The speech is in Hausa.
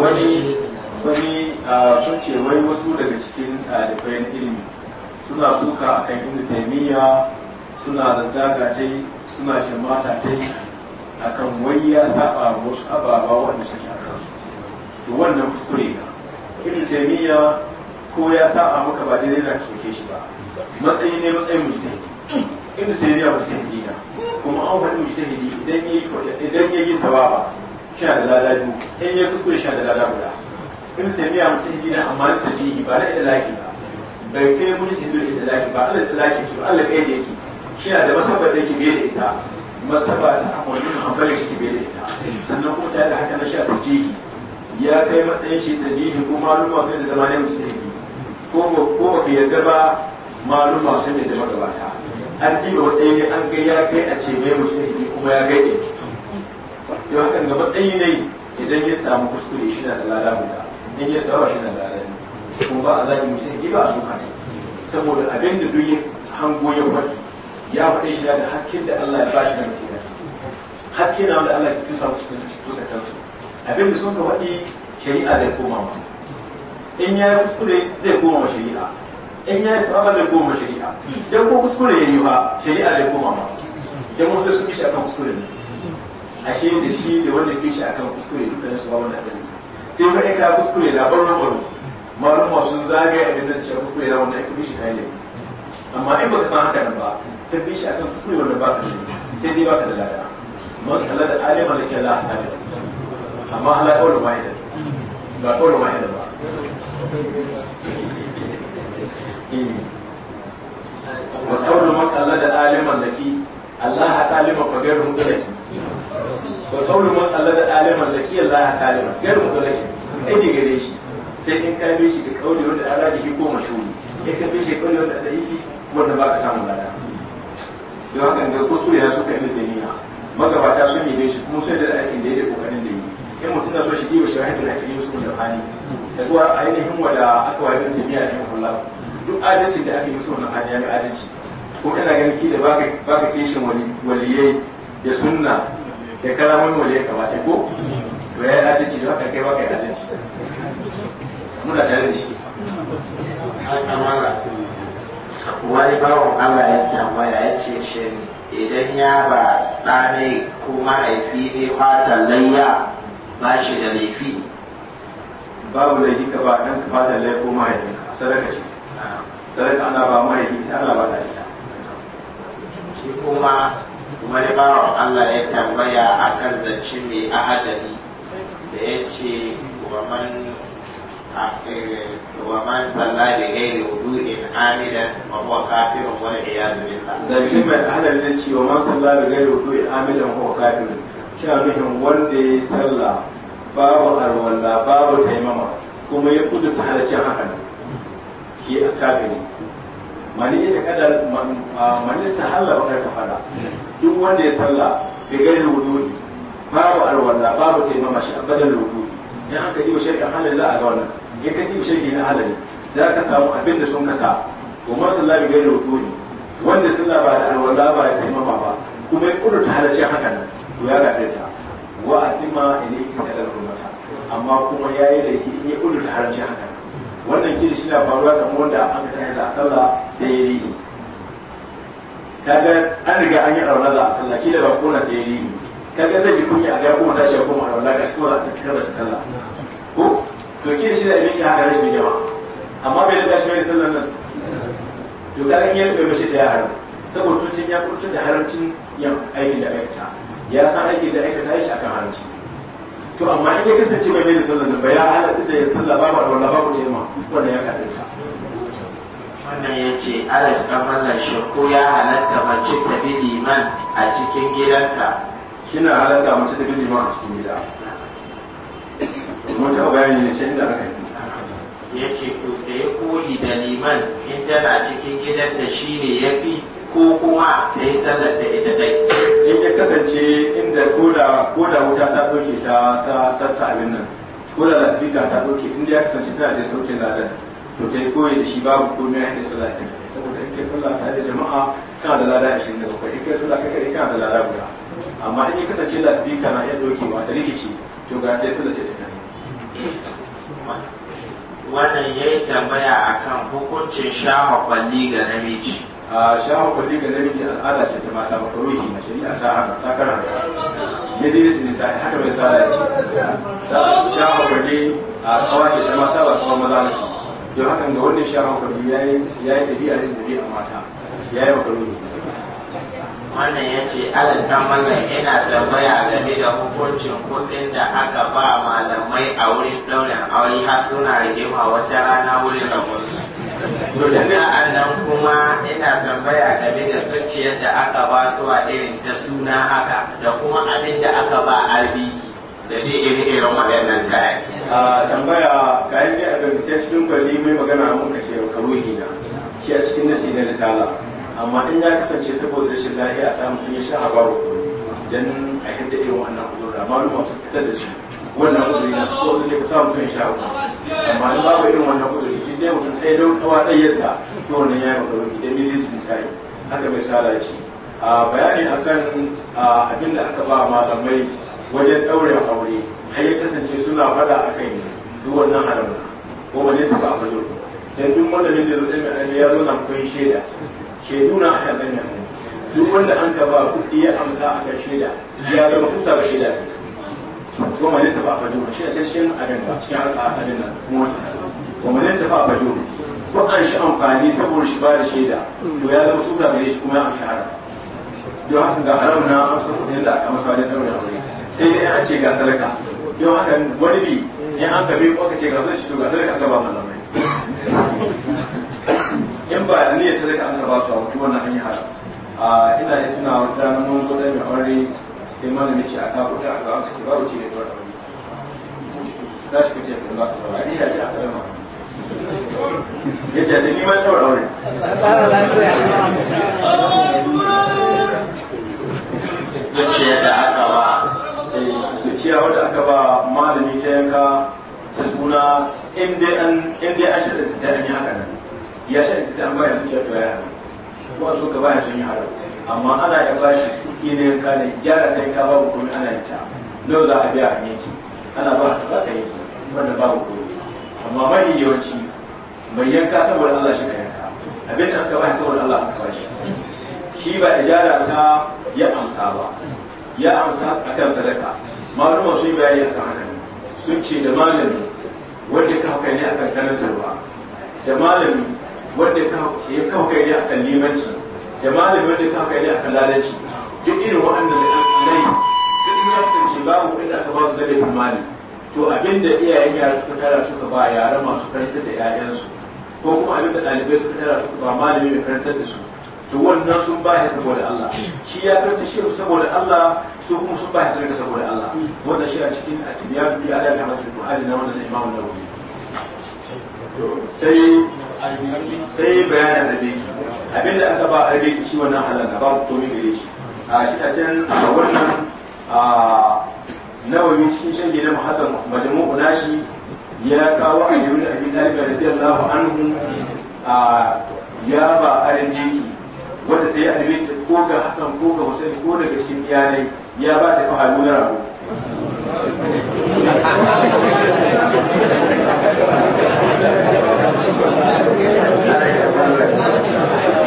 wani wani sun ce wai wasu daga cikin ɗaliban ilimi suna suka a kan inda taimiyya suna zazzaga ta suna shimata ta a kan wai ya saba wasu ababa wanda suke a kansu to wannan kuskure na Inda taimiyya ko ya saba maka ba daidai na soke shi ba matsayi ne matsayin mujtahidi ibn taimiyya mujtahidi na kuma an faɗi mujtahidi idan yayi idan yayi sawaba sha da lada biyu in ya kuskure sha da lada guda in taimiyya mutum hindi na amma na tajihi ba na laki ba bai kai mutum hindi da laki ba allah idalaki ki ba allah kai da yake shi na da masaba da yake biye da ita masaba ta amurni hanbali shi ke biye da ita sannan kuma ta da haka na sha tajihi ya kai matsayin shi ta tajihi ko maluma sun da zama ne mutum hindi ko ba ka yarda ba maluma sun da magabata an ji ba matsayin an kai ya kai a ce mai mutum hindi kuma ya kai da yau hakan ga matsayi ne idan ya samu kuskure shi na da lada guda in ya samu shi na da lada ne kuma ba a zagi mutum ba a suka ne saboda abin da duk hango ya faɗi ya faɗi shi da hasken da Allah ya ba shi da basira haske na wanda Allah ya tusa musu da lokacin su abin da sun ka faɗi shari'a zai koma musu in ya yi kuskure zai koma ma shari'a in ya yi sababa zai koma ma shari'a dan ko kuskure ya yi ba shari'a zai koma ma dan wasu sun bi shi akan kuskure ne ashe da shi da wanda ke shi akan kuskure dukkanin su ba wanda adali sai ba ka kuskure na barno barno malum masu zage a dinnan shi kuskure na wanda ake bishi kai amma in ka san haka nan ba ka bishi akan kuskure wanda ba ka sai dai ba ka da lada man kalla da alim da ke Allah hasali amma Allah kawai ma yadda ba kawai ma yadda ba eh. wa kawai man Allah da aliman da ki Allah salima fa مدلك وقول من الله man qallada الله سالم غير salima gairu mudallaki ake gare shi sai in ka bi shi da kauli wanda ala jiki ko mashuri ya ka bi shi kauli wanda da yiki wanda ba ka samu lada don haka ga kuskure ya suka yi jami'a magabata sun yi shi kuma sai da aikin da yake kokarin da yi kai mutum na so shi diba shahidul hakim yusuf da fani da zuwa wada aka duk adalci da aka yi yusuf na fani ya adalci ko kana ganin ki da baka baka kishin waliyai da sunna da kalamomin waliyai kamata ko to da ci da kai baka adalci muna tare da shi wani bawan Allah ya tambaya ya ce shi idan ya ba ɗa ne ko mahaifi ne fatan layya ba shi da laifi babu laifi ka ba ɗan ka fatan layya ko mahaifi sadaka ce sadaka ana ba mahaifi ta ana ba ta kuma wani bawan Allah ya tambaya a kan zance mai ahadari da ya ce wa man eh, salla da gairi wudu'in Amina wa huwa kafirun wal iyaz billah zance mai ahadari ne ce wa man salla da gairi wudu'in amidan wa huwa kafirun kina nufin wanda ya salla babu alwala babu taimama kuma ya kudu ta halacin hakan shi a kafiri mani ya kada ta halla ba ta fada duk wanda ya salla bi gairi wududi babu alwala babu taimama shi abadan wududi ya aka yi shirka halin la a ga wannan ya ka yi shirki na halali za kasa samu abin da sun kasa wa ma sallah bi gairi wududi wanda salla ba da alwala ba da taimama ba kuma ya kudu ta halarci haka nan to ya gaɗe ta wa asima ilayhi da rumata amma kuma yayi da ya kudu ta halarci haka wannan kiri shi na faruwa kamar wanda aka tashi da sallah sai ya rihi kaga an riga an yi alwala za a sallah kila ba kona sai ya rihi kaga zai ji kunya a ga kuma tashi ya koma alwala ga shi kuma za a tafi da sallah ko to kila shi da abin haka rashin jama'a amma bai da shi mai sallar nan to kaga in ya rufe mashi da yaro saboda cin ya kurta da harancin yan aikin da aikata ya san aikin da aikata shi akan haranci to amma in ya kasance mai mai da sallah nan ba ya halatta da ya sallah babu alwala babu tema wannan ya kaɗa wannan ya ce ala shiga mallan shakku ya halatta mace ta bi liman a cikin gidanta Kina halatta mace ta bi liman a cikin gida mun ta bayani ne ce inda aka yi ya ce ku da ya koyi da liman in tana cikin gidanta shi ne ya fi ko kuma ta yi sallar da ita dai in ya kasance inda koda wuta ta ɗauke ta ta abin nan koda lasifika ta ɗauke inda ya kasance tana da sautin ladar to ta koyi da shi babu ko a yake sallah ta saboda in kai sallah tare da jama'a ka da lada 27 in kai sallah kai kai ka da lada guda amma in ya kasance speaker na iya dokewa da rikici to ga kai sallah ce ta kare wannan ya yi tambaya akan hukuncin shafa kwalli ga namiji a shafa kwalli ga namiji al'ada ce ta mata makaruhi na shari'a ta hana ta kara ne zai ne sai haka mai tsara ya ce shafa kwalli a ce ta mata ba kuma maza na don hakan ga wanda sha hankali ya yi ɗabi'a sun a mata ya yi makaruni wannan ya ce alal dan mallan yana tambaya game da hukuncin kuɗin da aka ba malamai a wurin ɗaurin aure har suna rigima wata rana wurin rabon to da sa'an nan kuma ina tambaya game da zuciyar da aka ba su a irin ta suna haka da kuma abin da aka ba arbiki da dai irin irin waɗannan kayan a tambaya ga yadda a ɗauke cikin kwalli mai magana mun ka ce ka ruhi na shi a cikin nasi na risala amma in ya kasance saboda rashin lahiya ta mutum ya sha baro don a yadda irin wannan kudura maluma su fita da shi wannan kuduri na ko da ka samu mutum sha amma in babu irin wannan kuduri shi ne mutum ɗaya daukawa ɗayyarsa to wannan ya yi makaroni dan miliyan misali haka mai sala ce a bayani akan abin da aka ba malamai wajen ɗaurin aure har ya kasance suna fada a kai duk wannan haramun ko ba ne suka abu yau dan duk wanda ne da zai mai aji ya zo na kun shaida shaidu na aka zanya duk wanda an ka ba kuɗi ya amsa a kan shaida ya zama futa ba shaida ko ma ne ta ba fajo shi a cikin abin ba cikin harka abin nan kuma ko ma ne ta ba fajo ko an shi amfani saboda shi ba da shaida to ya zama futa ba shi kuma ya amsa haram don haka ga haramun na amsa kuɗi da aka masa wajen ɗaurin aure sai dai a ce ga sadaka don haka wani bi in an ka biyu aka ce ga sun ci to ga sadaka aka ba in ba da niyyar sadaka aka ba su a wata wannan hanya haka a ina ya tuna wata ranar mun zo ɗan mai aure sai ce a ka a ka aka ce babu ce mai ɗora za shi kuɗi a ba a ni ya a kalma ya ce ni ma ɗora aure ce aka ba ciya wadda aka ba malami ta yanka ta suna in an shaɗa ta sai an yi haka nan ya shaɗa ta sai an baya zuciya to ya haka kuma so ka baya sun yi haka amma ana ya shi kuɗi na yanka ne gyara ta yanka babu hukumi ana yi ta nawa za a biya a yanki ana ba ta za ka yanki wanda babu hukumi amma mai yawanci mai yanka saboda Allah shi ka yanka abin da aka ba saboda Allah aka bashi shi ba ijara ta ya amsa ba ya amsa akan sadaka wasu sun bayani akan haka sun ce da malami wanda ka haka ne akan karantarwa da malami wanda ya ka hauka ne akan limanci da malami wanda ka hauka ne akan lalaci duk irin wa'annan da kansanai duk ya kasance babu kuɗin da aka ba su da laifin mali to abinda iyayen yara suka tara suka ba yara masu karantar da 'ya'yansu ko kuma abin da ɗalibai suka tara suka ba malami mai karantar da su to wannan sun ba shi saboda Allah shi ya karta shi saboda Allah su kuma sun ba shi saboda Allah wannan shi a cikin at-tibyan bi ala kamatul buhari na wannan imamu wuri sai sai bayanin rabi abinda aka ba rabi shi wannan na ba komai gare shi a shi a can a wannan a nawawi cikin shan na mahatan majmu'u nashi ya kawo a yi wani abin talibin zafi anhu a ya ba arin yake wanda ta yi albinta ko ga Hassan ko ga Hussein ko daga cikin iyalai ya ba ta fahalu na rago Thank you.